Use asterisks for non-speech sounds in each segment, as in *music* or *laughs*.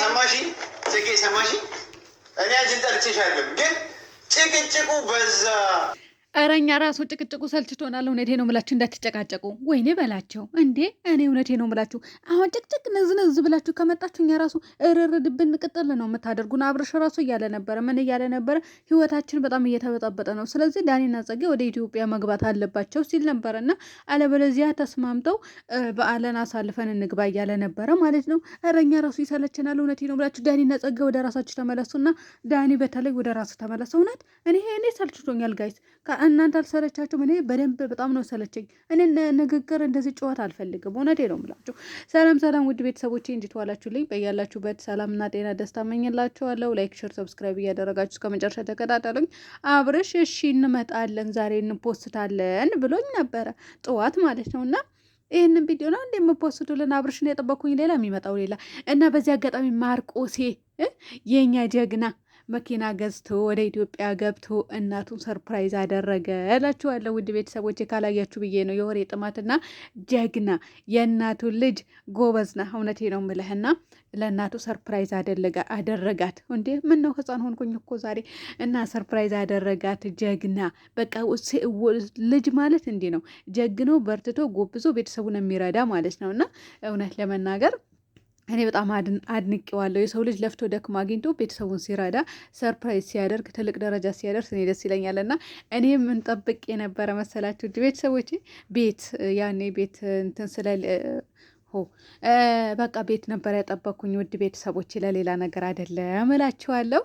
ሰማሽ ጽጌ፣ ሰማሽ? እኔ አንቺን ጠልቼሽ አይደለም፣ ግን ጭቅጭቁ በዛ። እረኛ ራሱ ጭቅጭቁ ሰልችቶናል። እውነቴ ነው የምላችሁ እንዳትጨቃጨቁ። ወይኔ በላቸው እንዴ! እኔ እውነቴ ነው ምላችሁ አሁን ጭቅጭቅ ንዝንዝ ብላችሁ ከመጣችሁ እኛ ራሱ እርር ቅጥል ነው የምታደርጉን። አብረሽ ራሱ እያለ ነበረ፣ ምን እያለ ነበረ? ህይወታችን በጣም እየተበጣበጠ ነው። ስለዚህ ዳኒና ጸጌ ወደ ኢትዮጵያ መግባት አለባቸው ሲል ነበረ እና አለበለዚያ ተስማምተው በአለን አሳልፈን እንግባ እያለ ነበረ ማለት ነው። ኧረ ራሱ ይሰለችናል። እውነቴ ነው የምላችሁ ዳኒና ጸጌ ወደ ራሳችሁ ተመለሱና ዳኒ በተለይ ወደ ራሱ ተመለሰ። እውነት እኔ እኔ ሰልችቶኛል ጋይስ እናንተ አልሰለቻችሁም? እኔ በደንብ በጣም ነው ሰለቸኝ። እኔ ንግግር እንደዚህ ጨዋታ አልፈልግም። እውነቴ ነው የምላችሁ። ሰላም ሰላም፣ ውድ ቤተሰቦቼ እንዴት ዋላችሁልኝ? በያላችሁበት ሰላምና ጤና ደስታ መኝላችኋለሁ። ላይክ፣ ሸር፣ ሰብስክራይብ እያደረጋችሁ እስከ መጨረሻ ተከታተሉኝ። አብርሽ እሺ እንመጣለን ዛሬ እንፖስታለን ብሎኝ ነበረ ጠዋት ማለት ነው እና ይህንን ቪዲዮ ነው እንደ የምፖስቱልን አብርሽን የጠበኩኝ ሌላ የሚመጣው ሌላ እና በዚህ አጋጣሚ ማርቆሴ የእኛ ጀግና መኪና ገዝቶ ወደ ኢትዮጵያ ገብቶ እናቱን ሰርፕራይዝ አደረገ እላችኋለሁ። ውድ ቤተሰቦች ካላያችሁ ብዬ ነው። የወሬ ጥማትና ጀግና የእናቱን ልጅ ጎበዝና፣ እውነቴ ነው ምልህና ለእናቱ ሰርፕራይዝ አደረጋት። እንዴ ምን ነው ህፃን ሆንኩኝ እኮ ዛሬ እና ሰርፕራይዝ አደረጋት። ጀግና በቃ ልጅ ማለት እንዲህ ነው። ጀግኖ በርትቶ ጎብዞ ቤተሰቡን የሚረዳ ማለት ነው እና እውነት ለመናገር እኔ በጣም አድንቄዋለሁ። የሰው ልጅ ለፍቶ ደክሞ አግኝቶ ቤተሰቡን ሲረዳ ሰርፕራይዝ ሲያደርግ ትልቅ ደረጃ ሲያደርስ እኔ ደስ ይለኛል። እና እኔ የምንጠብቅ የነበረ መሰላችሁ ቤተሰቦች ቤት ያኔ ቤት እንትን ስለ በቃ ቤት ነበር ያጠበኩኝ። ውድ ቤተሰቦች ለሌላ ነገር አይደለም እላችኋለሁ።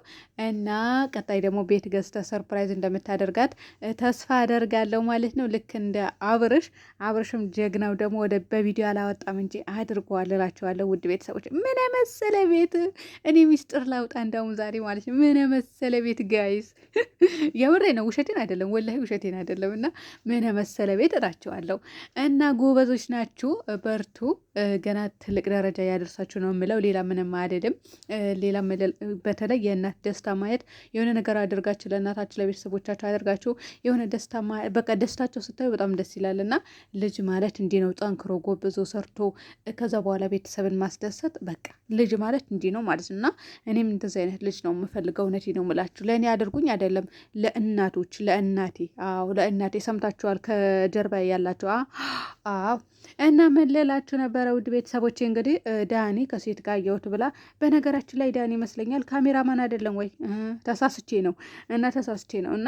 እና ቀጣይ ደግሞ ቤት ገዝተ ሰርፕራይዝ እንደምታደርጋት ተስፋ አደርጋለሁ ማለት ነው። ልክ እንደ አብርሽ አብርሽም ጀግናው ደግሞ ወደ በቪዲዮ አላወጣም እንጂ አድርጓል እላችኋለሁ። ውድ ቤተሰቦች ምን መሰለ ቤት እኔ ሚስጥር ላውጣ እንዳውም ዛሬ ማለት ነው። ምን መሰለ ቤት ጋይስ፣ *laughs* የምሬ ነው ውሸቴን አይደለም፣ ወላሂ ውሸቴን አይደለም። እና ምን መሰለ ቤት እላችኋለሁ። እና ጎበዞች ናችሁ፣ በርቱ ገና ትልቅ ደረጃ ያደርሳችሁ ነው የምለው። ሌላ ምንም አይደለም። ሌላ በተለይ የእናት ደስታ ማየት የሆነ ነገር አድርጋችሁ ለእናታችሁ ለቤተሰቦቻችሁ አድርጋችሁ የሆነ ደስታ በቃ ደስታቸው ስታዩ በጣም ደስ ይላል። እና ልጅ ማለት እንዲህ ነው። ጠንክሮ ጎብዞ ሰርቶ ከዛ በኋላ ቤተሰብን ማስደሰት በቃ ልጅ ማለት እንዲህ ነው ማለት እና እኔም እንደዚህ አይነት ልጅ ነው የምፈልገው። እውነት ነው የምላችሁ። ለእኔ አድርጉኝ አይደለም ለእናቶች ለእናቴ አዎ ለእናቴ ሰምታችኋል። ከጀርባ ያላችሁ አዎ እና መለላችሁ ነበር ኧረ ውድ ቤተሰቦች እንግዲህ ዳኒ ከሴት ጋር አየሁት ብላ፣ በነገራችን ላይ ዳኒ ይመስለኛል ካሜራማን አይደለም ወይ? ተሳስቼ ነው እና ተሳስቼ ነው እና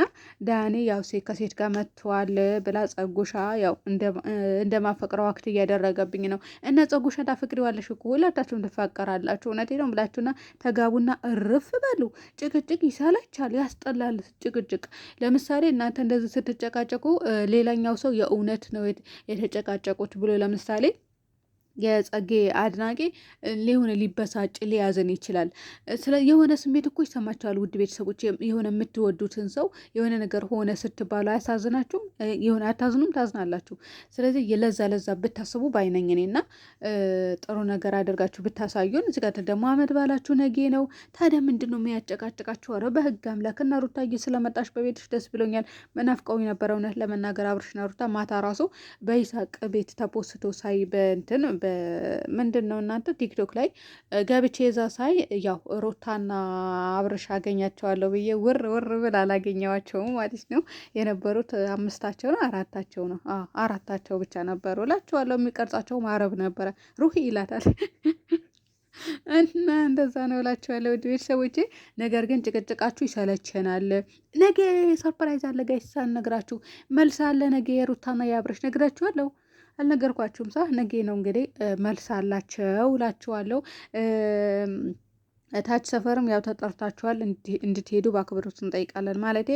ዳኒ ያው ሴት ከሴት ጋር መጥቷል ብላ ጸጉሻ ያው እንደማፈቅረው አክት እያደረገብኝ ነው እና ጸጉሻ ታፈቅሪዋለሽ እኮ ሁላታችሁም ትፋቀራላችሁ። እውነቴ ነው ብላችሁና ተጋቡና እርፍ በሉ። ጭቅጭቅ ይሰለቻል፣ ያስጠላል ጭቅጭቅ። ለምሳሌ እናንተ እንደዚህ ስትጨቃጨቁ ሌላኛው ሰው የእውነት ነው የተጨቃጨቁት ብሎ ለምሳሌ የጸጌ አድናቂ ሊሆነ ሊበሳጭ ሊያዘን ይችላል። የሆነ ስሜት እኮ ይሰማቸዋል። ውድ ቤተሰቦች የሆነ የምትወዱትን ሰው የሆነ ነገር ሆነ ስትባሉ አያሳዝናችሁም? የሆነ አታዝኑም? ታዝናላችሁ። ስለዚህ የለዛ ለዛ ብታስቡ ባይነኝ እኔ እና ጥሩ ነገር አድርጋችሁ ብታሳዩን። እዚህ ጋር ደግሞ አመት ባላችሁ ነጌ ነው። ታዲያ ምንድን ነው የሚያጨቃጭቃችሁ? ኧረ በህግ አምላክ እና ሩታዬ ስለመጣሽ በቤትሽ ደስ ብሎኛል። መናፍቀው የነበረ እውነት ለመናገር አብርሽና ሩታ ማታ ራሱ በይሳቅ ቤት ተፖስቶ ሳይ በእንትን ምንድን ነው እናንተ ቲክቶክ ላይ ገብቼ የዛ ሳይ ያው ሩታና አብርሽ አገኛቸዋለሁ ብዬ ውር ውር ብል አላገኘዋቸውም ማለት ነው። የነበሩት አምስታቸው ነው አራታቸው ነው አራታቸው ብቻ ነበሩ እላቸዋለሁ። የሚቀርጻቸው ማረብ ነበረ ሩህ ይላታል እና እንደዛ ነው እላችኋለሁ ውድ ቤተሰቦቼ። ነገር ግን ጭቅጭቃችሁ ይሰለቸናል። ነገ ሰርፕራይዝ አለ ጋይስ፣ ሳልነግራችሁ መልስ አለ ነገ የሩታና የአብርሽ ነግራችኋለሁ። አልነገርኳችሁም። ሳ ነጌ ነው እንግዲህ መልስ አላቸው እላችኋለሁ። ታች ሰፈርም ያው ተጠርታችኋል እንድትሄዱ በአክብሮት እንጠይቃለን። ማለት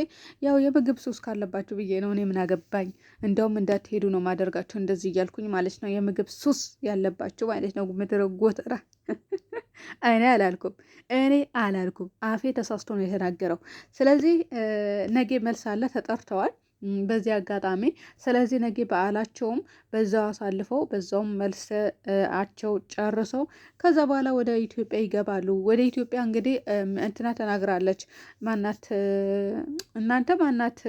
ያው የምግብ ሱስ ካለባችሁ ብዬ ነው። እኔ ምን አገባኝ? እንደውም እንዳትሄዱ ነው ማደርጋቸው እንደዚህ እያልኩኝ ማለት ነው። የምግብ ሱስ ያለባችሁ ማለት ነው። ምድረ ጎተራ *laughs* እኔ አላልኩም፣ እኔ አላልኩም። አፌ ተሳስቶ ነው የተናገረው። ስለዚህ ነጌ መልስ አለ፣ ተጠርተዋል በዚህ አጋጣሚ ስለዚህ ነገ በዓላቸውም በዛው አሳልፈው በዛውም መልሰአቸው ጨርሰው ከዛ በኋላ ወደ ኢትዮጵያ ይገባሉ። ወደ ኢትዮጵያ እንግዲህ እንትና ተናግራለች። ማናት እናንተ ማናት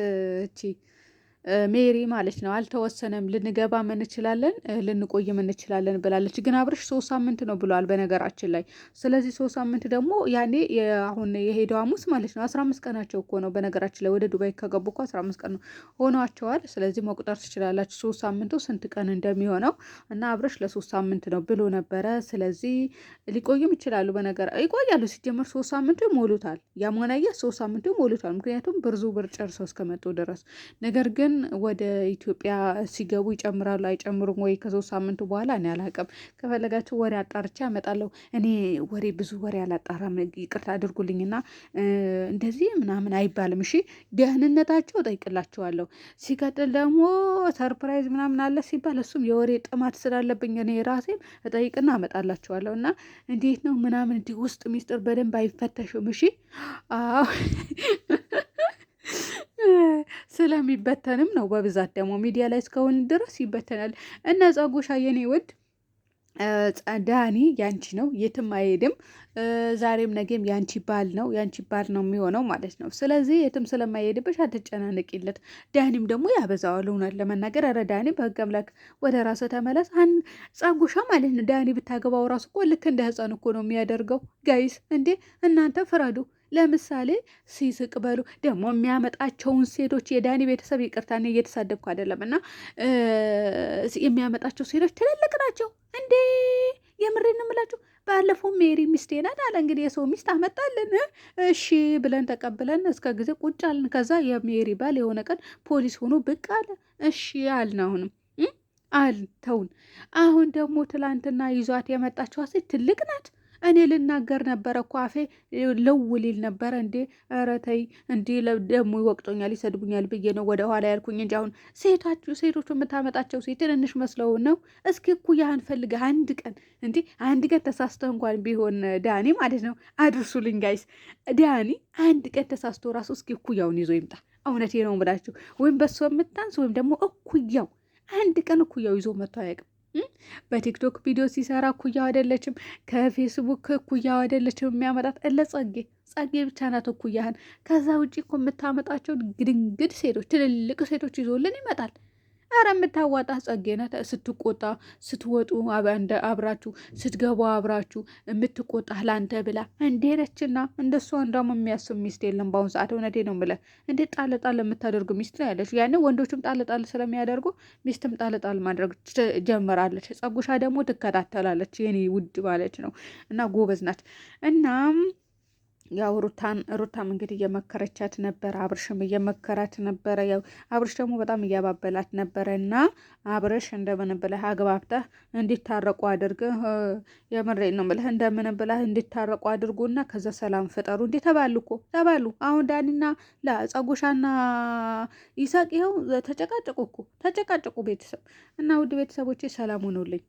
እቺ ሜሪ ማለት ነው አልተወሰነም፣ ልንገባም እንችላለን ልንቆይም እንችላለን ብላለች። ግን አብርሽ ሶስት ሳምንት ነው ብለዋል በነገራችን ላይ። ስለዚህ ሶስት ሳምንት ደግሞ ያኔ አሁን የሄደው ሐሙስ ማለት ነው አስራ አምስት ቀናቸው እኮ ነው በነገራችን ላይ ወደ ዱባይ ከገቡ እኮ አስራ አምስት ቀን ነው ሆኗቸዋል። ስለዚህ መቁጠር ትችላላችሁ ሶስት ሳምንቱ ስንት ቀን እንደሚሆነው እና አብርሽ ለሶስት ሳምንት ነው ብሎ ነበረ። ስለዚህ ሊቆይም ይችላሉ በነገር ይቆያሉ። ሲጀመር ሶስት ሳምንቱ ይሞሉታል። ያሞናየ ሶስት ሳምንቱ ይሞሉታል። ምክንያቱም ብርዙ ብር ጨርሰው እስከመጡ ድረስ ነገር ግን ግን ወደ ኢትዮጵያ ሲገቡ ይጨምራሉ አይጨምሩም ወይ ከሶስት ሳምንቱ በኋላ እኔ አላቅም። ከፈለጋችሁ ወሬ አጣርቼ አመጣለሁ። እኔ ወሬ ብዙ ወሬ አላጣራም፣ ይቅርታ አድርጉልኝና እንደዚህ ምናምን አይባልም። እሺ ደህንነታቸው ጠይቅላቸዋለሁ። ሲቀጥል ደግሞ ሰርፕራይዝ ምናምን አለ ሲባል እሱም የወሬ ጥማት ስላለብኝ እኔ ራሴም እጠይቅና አመጣላቸዋለሁ። እና እንዴት ነው ምናምን እንዲህ ውስጥ ሚስጥር በደንብ አይፈተሽም። እሺ አዎ ስለሚበተንም ነው። በብዛት ደግሞ ሚዲያ ላይ እስከሆን ድረስ ይበተናል እና ጸጉሻ የኔ ውድ ዳኒ ያንቺ ነው፣ የትም አይሄድም። ዛሬም ነገም ያንቺ ባል ነው፣ ያንቺ ባል ነው የሚሆነው ማለት ነው። ስለዚህ የትም ስለማይሄድብሽ አትጨናነቂለት። ዳኒም ደግሞ ያበዛዋል። እውነት ለመናገር ኧረ ዳኒ በሕግ አምላክ ወደ ራስ ተመለስ። አን ጸጉሻ ማለት ነው ዳኒ ብታገባው ራሱ እኮ ልክ እንደ ህፃን እኮ ነው የሚያደርገው። ጋይስ እንዴ እናንተ ፍረዱ። ለምሳሌ ሲስቅ በሉ ደግሞ የሚያመጣቸውን ሴቶች የዳኒ ቤተሰብ ይቅርታ፣ እኔ እየተሳደብኩ አይደለም። እና የሚያመጣቸው ሴቶች ትልልቅ ናቸው እንዴ! የምሬን እምላችሁ ባለፈው ሜሪ ሚስቴ ናት አለ። እንግዲህ የሰው ሚስት አመጣልን፣ እሺ ብለን ተቀብለን እስከ ጊዜ ቁጭ አልን። ከዛ የሜሪ ባል የሆነ ቀን ፖሊስ ሆኖ ብቅ አለ። እሺ አልን፣ አሁንም አልተውን አሁን ደግሞ ትላንትና ይዟት የመጣችዋ ሴት ትልቅ ናት። እኔ ልናገር ነበረ እኮ አፌ ለው ሊል ነበረ እንዴ! ኧረ ተይ እንዲ ደግሞ ይወቅጦኛል፣ ይሰድቡኛል ብዬ ነው ወደኋላ ያልኩኝ እንጂ አሁን ሴታችሁ ሴቶቹ የምታመጣቸው ሴት ትንንሽ መስለው ነው። እስኪ እኩያህን ፈልገህ አንድ ቀን እንዲ አንድ ቀን ተሳስተ እንኳን ቢሆን ዳኒ ማለት ነው። አድርሱልኝ ጋይስ፣ ዳኒ አንድ ቀን ተሳስቶ ራሱ እስኪ እኩያውን ይዞ ይምጣ። እውነቴ ነው የምላችሁ። ወይም በሱ የምታንስ ወይም ደግሞ እኩያው አንድ ቀን እኩያው ይዞ መጥቶ አያውቅም። በቲክቶክ ቪዲዮ ሲሰራ እኩያው አይደለችም፣ ከፌስቡክ እኩያው አይደለችም። የሚያመጣት እለ ጸጌ ጸጌ ብቻ ናት እኩያህን። ከዛ ውጭ እኮ የምታመጣቸው ግድንግድ ሴቶች፣ ትልልቅ ሴቶች ይዞልን ይመጣል። አረ የምታዋጣ ጸጌ ናት። ስትቆጣ ስትወጡ አብራችሁ ስትገቡ አብራችሁ የምትቆጣ ላንተ ብላ እንዴረችና እንደሷ እንዳውም የሚያስብ ሚስት የለም በአሁኑ ሰዓት። እውነቴ ነው የምልህ። እንዴት ጣለጣል የምታደርግ ሚስት ነው ያለች። ያኔ ወንዶችም ጣለጣል ስለሚያደርጉ ሚስትም ጣለጣል ማድረግ ጀምራለች። ጸጉሻ ደግሞ ትከታተላለች። የኔ ውድ ማለች ነው እና ጎበዝ ናት እና ያው ሩታን ሩታም እንግዲህ እየመከረቻት ነበረ፣ አብርሽም እየመከራት ነበረ። ያው አብርሽ ደግሞ በጣም እያባበላት ነበረ እና አብርሽ እንደምን ብለህ አግባብተህ እንዲታረቁ አድርግህ፣ የምሬ ነው ብለህ እንደምን ብለህ እንዲታረቁ እና ከዛ ሰላም ፍጠሩ። እንዴ ተባሉ እኮ ተባሉ። አሁን ዳኒና ለጸጉሻና ይሳቅ ይኸው ተጨቃጨቁ እኮ ተጨቃጨቁ። ቤተሰብ እና ውድ ቤተሰቦቼ ሰላም ሆኖልኝ